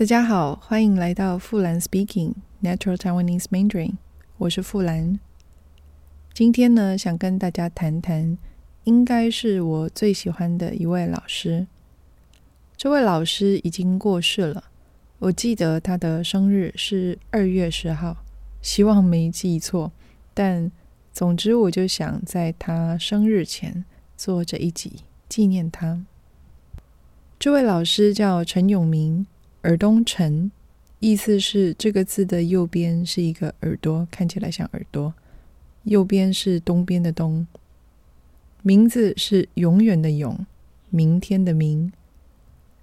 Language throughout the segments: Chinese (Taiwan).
大家好，歡迎來到富蘭 Speaking Natural Taiwanese Mandarin。我是富蘭。今天呢，想跟大家談談，應該是我最喜歡的一位老師。這位老師已經過世了，我記得他的生日是二月十號，希望沒記錯。但總之，我就想在他生日前做這一集紀念他。這位老師叫陳永明。耳東陳，意思是這個字的右邊是一個耳朵，看起來像耳朵；右邊是東邊的“東”。名字是永遠的“永”，明天的“明”。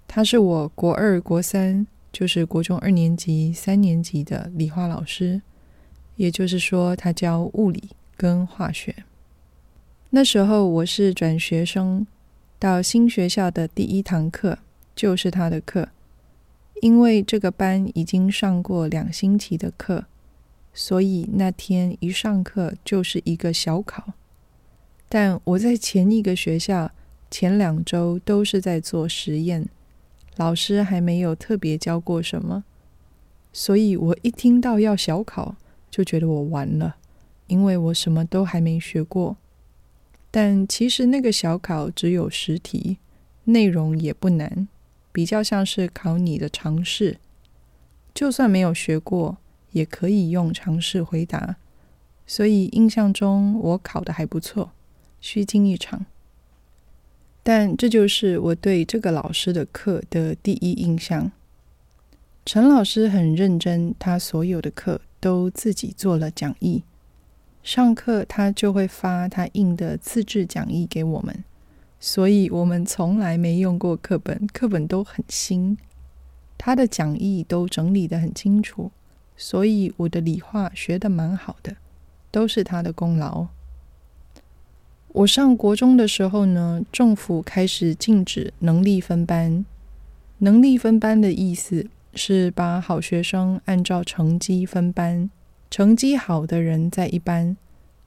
他是我國二國三，就是國中二年級、三年級的理化老師，也就是說他教物理跟化學。那時候我是轉學生，到新學校的第一堂課就是他的課。因為這個班已經上過兩星期的課，所以那天一上課就是一個小考。但我在前一個學校前兩周都是在做實驗，老師還沒有特別教過什麼，所以我一聽到要小考就覺得我完了，因為我什麼都還沒學過。但其實那個小考只有十題，內容也不難。比較像是考你的常識，就算沒有學過，也可以用常識回答。所以印象中我考得還不錯，虛驚一場。但這就是我對這個老師的課的第一印象。陳老師很認真，他所有的課都自己做了講義，上課他就會發他印的自製講義給我們。所以我們從來沒用過課本，課本都很新。他的講義都整理得很清楚，所以我的理化學得蠻好的，都是他的功勞。我上國中的時候呢，政府開始禁止能力分班。能力分班的意思是把好學生按照成績分班，成績好的人在一班，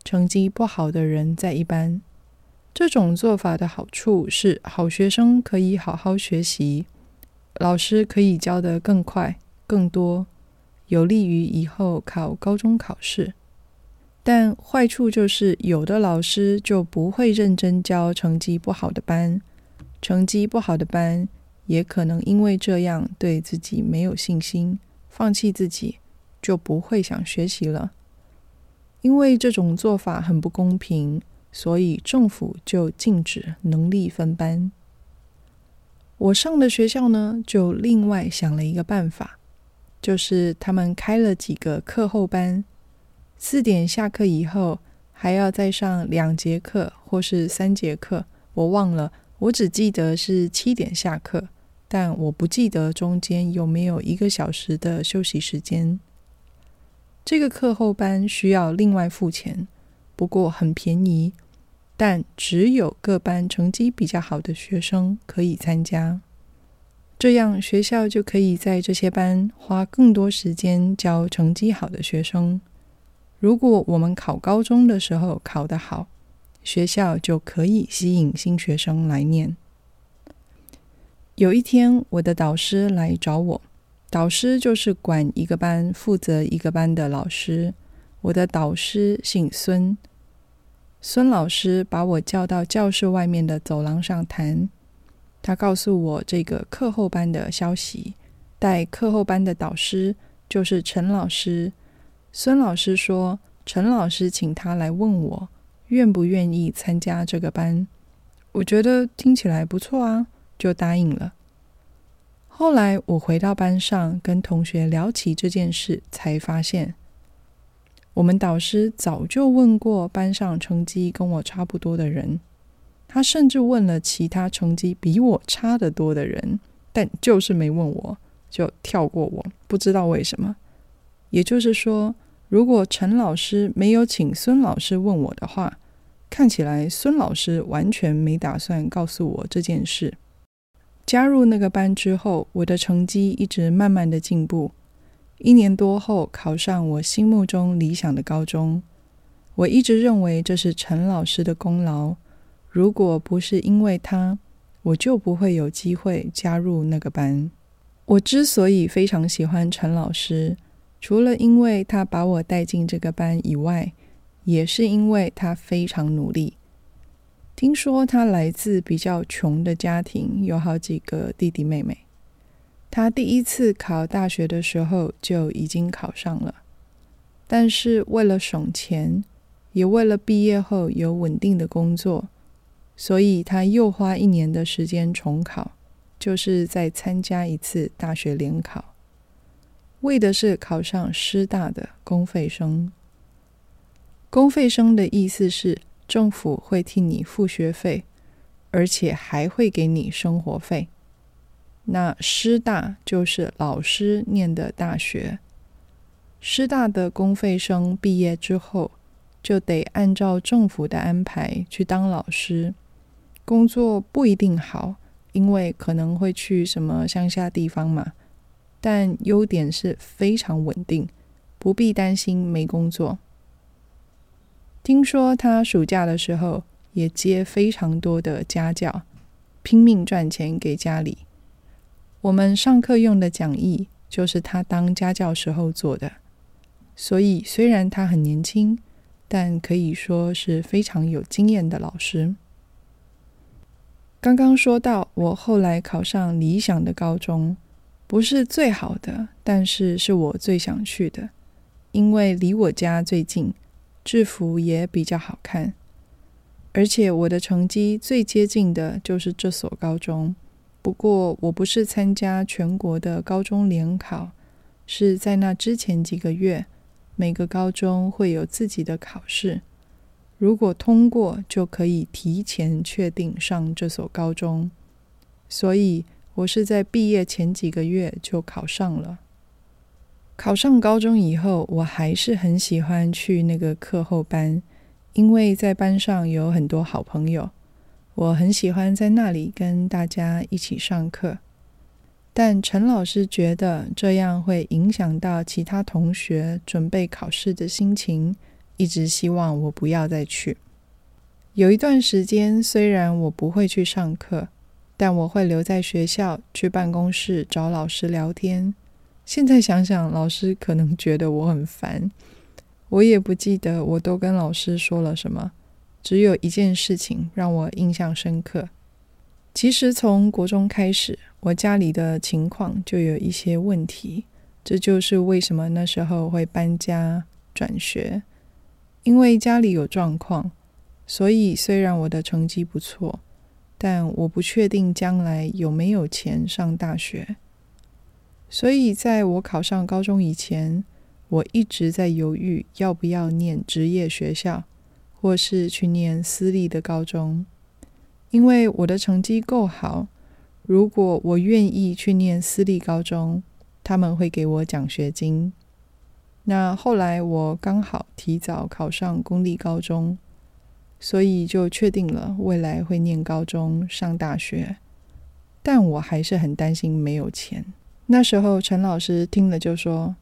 成績不好的人在一班。這種做法的好處是，好學生可以好好學習，老師可以教得更快、更多，有利於以後考高中考試。但壞處就是，有的老師就不會認真教成績不好的班，成績不好的班也可能因為這樣對自己沒有信心，放棄自己，就不會想學習了。因為這種做法很不公平。所以政府就禁止能力分班。我上的學校呢，就另外想了一個辦法，就是他們開了幾個課後班，四點下課以後還要再上兩節課或是三節課，我忘了，我只記得是七點下課，但我不記得中間有沒有一個小時的休息時間。這個課後班需要另外付錢。不過很便宜，但只有各班成績比較好的學生可以參加。這樣學校就可以在這些班花更多時間教成績好的學生。如果我們考高中的時候考得好，學校就可以吸引新學生來念。有一天，我的導師來找我。導師就是管一個班、負責一個班的老師。我的導師姓孫。孫老師把我叫到教室外面的走廊上談，他告訴我這個課後班的消息。帶課後班的導師就是陳老師。孫老師說，陳老師請他來問我願不願意參加這個班。我覺得聽起來不錯啊，就答應了。後來我回到班上跟同學聊起這件事，才發現。我們導師早就問過班上成績跟我差不多的人，他甚至問了其他成績比我差得多的人，但就是沒問我，就跳過我，不知道為什麼。也就是說，如果陳老師沒有請孫老師問我的話，看起來孫老師完全沒打算告訴我這件事。加入那個班之後，我的成績一直慢慢的進步。一年多後考上我心目中理想的高中，我一直認為這是陳老師的功勞。如果不是因為他，我就不會有機會加入那個班。我之所以非常喜歡陳老師，除了因為他把我帶進這個班以外，也是因為他非常努力。聽說他來自比較窮的家庭，有好幾個弟弟妹妹。他第一次考大學的時候就已經考上了，但是為了省錢，也為了畢業後有穩定的工作，所以他又花一年的時間重考，就是再參加一次大學聯考，為的是考上師大的公費生。公費生的意思是政府會替你付學費，而且還會給你生活費。那師大就是老師念的大學，師大的公費生畢業之後就得按照政府的安排去當老師，工作不一定好，因為可能會去什麼鄉下地方嘛。但優點是非常穩定，不必擔心沒工作。聽說他暑假的時候也接非常多的家教，拼命賺錢給家裡。我們上課用的講義就是他當家教時候做的，所以雖然他很年輕，但可以說是非常有經驗的老師。剛剛說到我後來考上理想的高中，不是最好的，但是是我最想去的，因為離我家最近，制服也比較好看，而且我的成績最接近的就是這所高中。不過我不是參加全國的高中聯考，是在那之前幾個月，每個高中會有自己的考試，如果通過就可以提前確定上這所高中。所以，我是在畢業前幾個月就考上了。考上高中以後，我還是很喜歡去那個課後班，因為在班上有很多好朋友。我很喜歡在那裡跟大家一起上課，但陳老師覺得這樣會影響到其他同學準備考試的心情，一直希望我不要再去。有一段時間，雖然我不會去上課，但我會留在學校去辦公室找老師聊天。現在想想，老師可能覺得我很煩，我也不記得我都跟老師說了什麼。只有一件事情讓我印象深刻。其實從國中開始，我家裡的情況就有一些問題，這就是為什麼那時候會搬家轉學。因為家裡有狀況，所以雖然我的成績不錯，但我不確定將來有沒有錢上大學。所以在我考上高中以前，我一直在猶豫要不要念職業學校。或是去念私立的高中，因為我的成績夠好，如果我願意去念私立高中，他們會給我獎學金。那後來我剛好提早考上公立高中，所以就確定了未來會念高中上大學。但我還是很擔心沒有錢。那時候陳老師聽了就說：“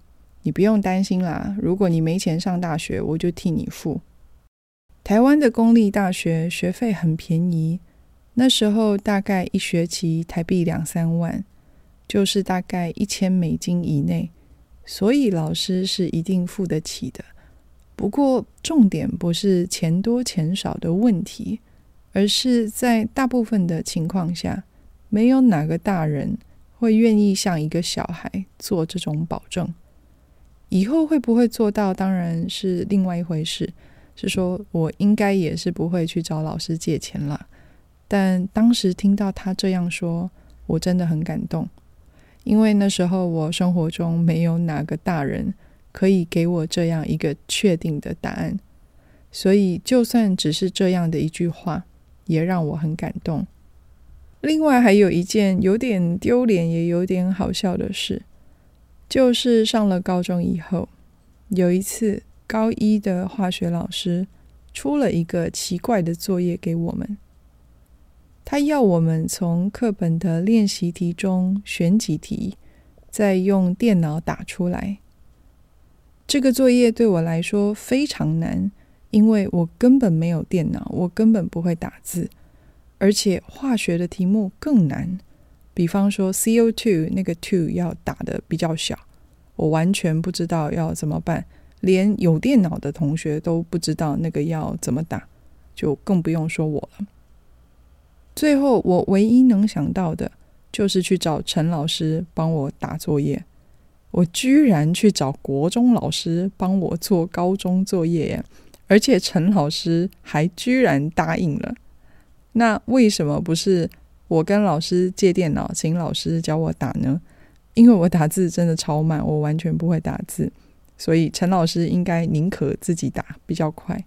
你不用擔心啦，如果你沒錢上大學，我就替你付。”台灣的公立大學學費很便宜，那時候大概一學期台幣兩三萬，就是大概一千美金以內，所以老師是一定付得起的。不過重點不是錢多錢少的問題，而是在大部分的情況下，沒有哪個大人會願意向一個小孩做這種保證。以後會不會做到，當然是另外一回事。是說，我應該也是不會去找老師借錢了。但當時聽到他這樣說，我真的很感動，因為那時候我生活中沒有哪個大人可以給我這樣一個確定的答案，所以就算只是這樣的一句話，也讓我很感動。另外還有一件有點丟臉，也有點好笑的事，就是上了高中以後，有一次。高一的化學老師出了一個奇怪的作業給我們。他要我們從課本的練習題中選幾題，再用電腦打出來。這個作業對我來說非常難，因為我根本沒有電腦，我根本不會打字，而且化學的題目更難。比方說 CO2，那個 “2” 要打的比較小，我完全不知道要怎麼辦。連有電腦的同學都不知道那個要怎麼打，就更不用說我了。最後，我唯一能想到的就是去找陳老師幫我打作業。我居然去找國中老師幫我做高中作業呀，而且陳老師還居然答應了。那為什麼不是我跟老師借電腦，請老師教我打呢？因為我打字真的超慢，我完全不會打字。所以陳老師應該寧可自己打比較快。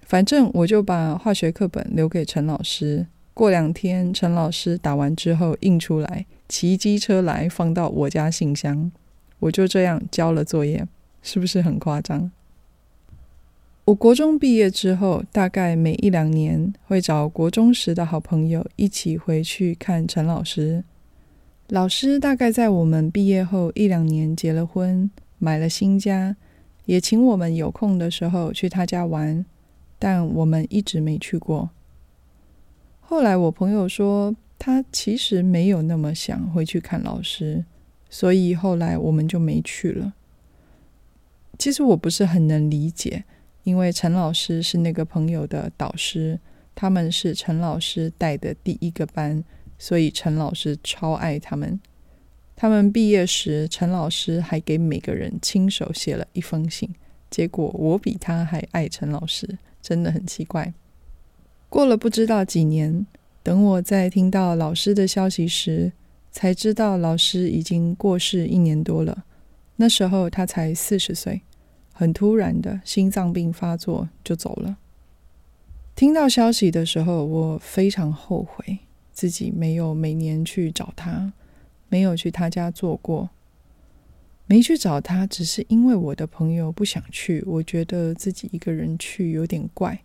反正我就把化學課本留給陳老師，過兩天陳老師打完之後印出來，騎機車來放到我家信箱，我就這樣交了作業，是不是很誇張？我國中畢業之後，大概每一兩年會找國中時的好朋友一起回去看陳老師。老師大概在我們畢業後一兩年結了婚。買了新家，也請我們有空的時候去他家玩，但我們一直沒去過。後來我朋友說，他其實沒有那麼想回去看老師，所以後來我們就沒去了。其實我不是很能理解，因為陳老師是那個朋友的導師，他們是陳老師帶的第一個班，所以陳老師超愛他們。他們畢業時，陳老師還給每個人親手寫了一封信。結果我比他還愛陳老師，真的很奇怪。過了不知道幾年，等我再聽到老師的消息時，才知道老師已經過世一年多了。那時候他才四十歲，很突然的心臟病發作就走了。聽到消息的時候，我非常後悔自己沒有每年去找他。沒有去他家做過，沒去找他，只是因為我的朋友不想去。我覺得自己一個人去有點怪，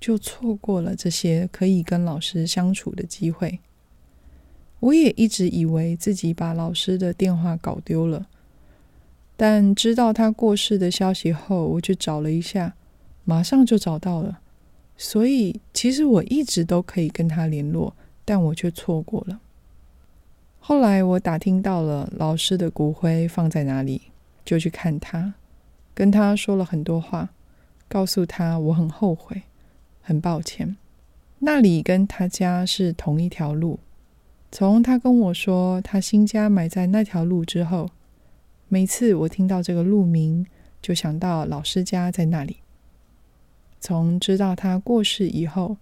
就錯過了這些可以跟老師相處的機會。我也一直以為自己把老師的電話搞丟了，但知道他過世的消息後，我去找了一下，馬上就找到了。所以其實我一直都可以跟他聯絡，但我卻錯過了。後來我打聽到了老師的骨灰放在哪裡，就去看他，跟他說了很多話，告訴他我很後悔，很抱歉。那裡跟他家是同一條路。從他跟我說他新家埋在那條路之後，每次我聽到這個路名，就想到老師家在那裡。從知道他過世以後，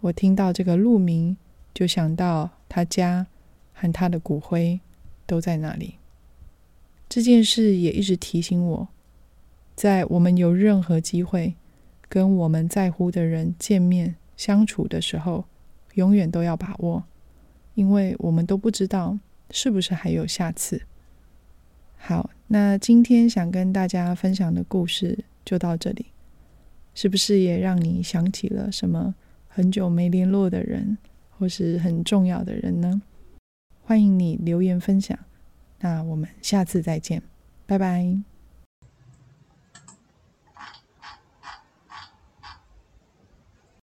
我聽到這個路名，就想到他家。和他的骨灰都在那裡。這件事也一直提醒我，在我們有任何機會跟我們在乎的人見面相處的時候，永遠都要把握，因為我們都不知道是不是還有下次。好，那今天想跟大家分享的故事就到這裡。是不是也讓你想起了什麼很久沒聯絡的人，或是很重要的人呢？歡迎你留言分享，那我們下次再見，拜拜。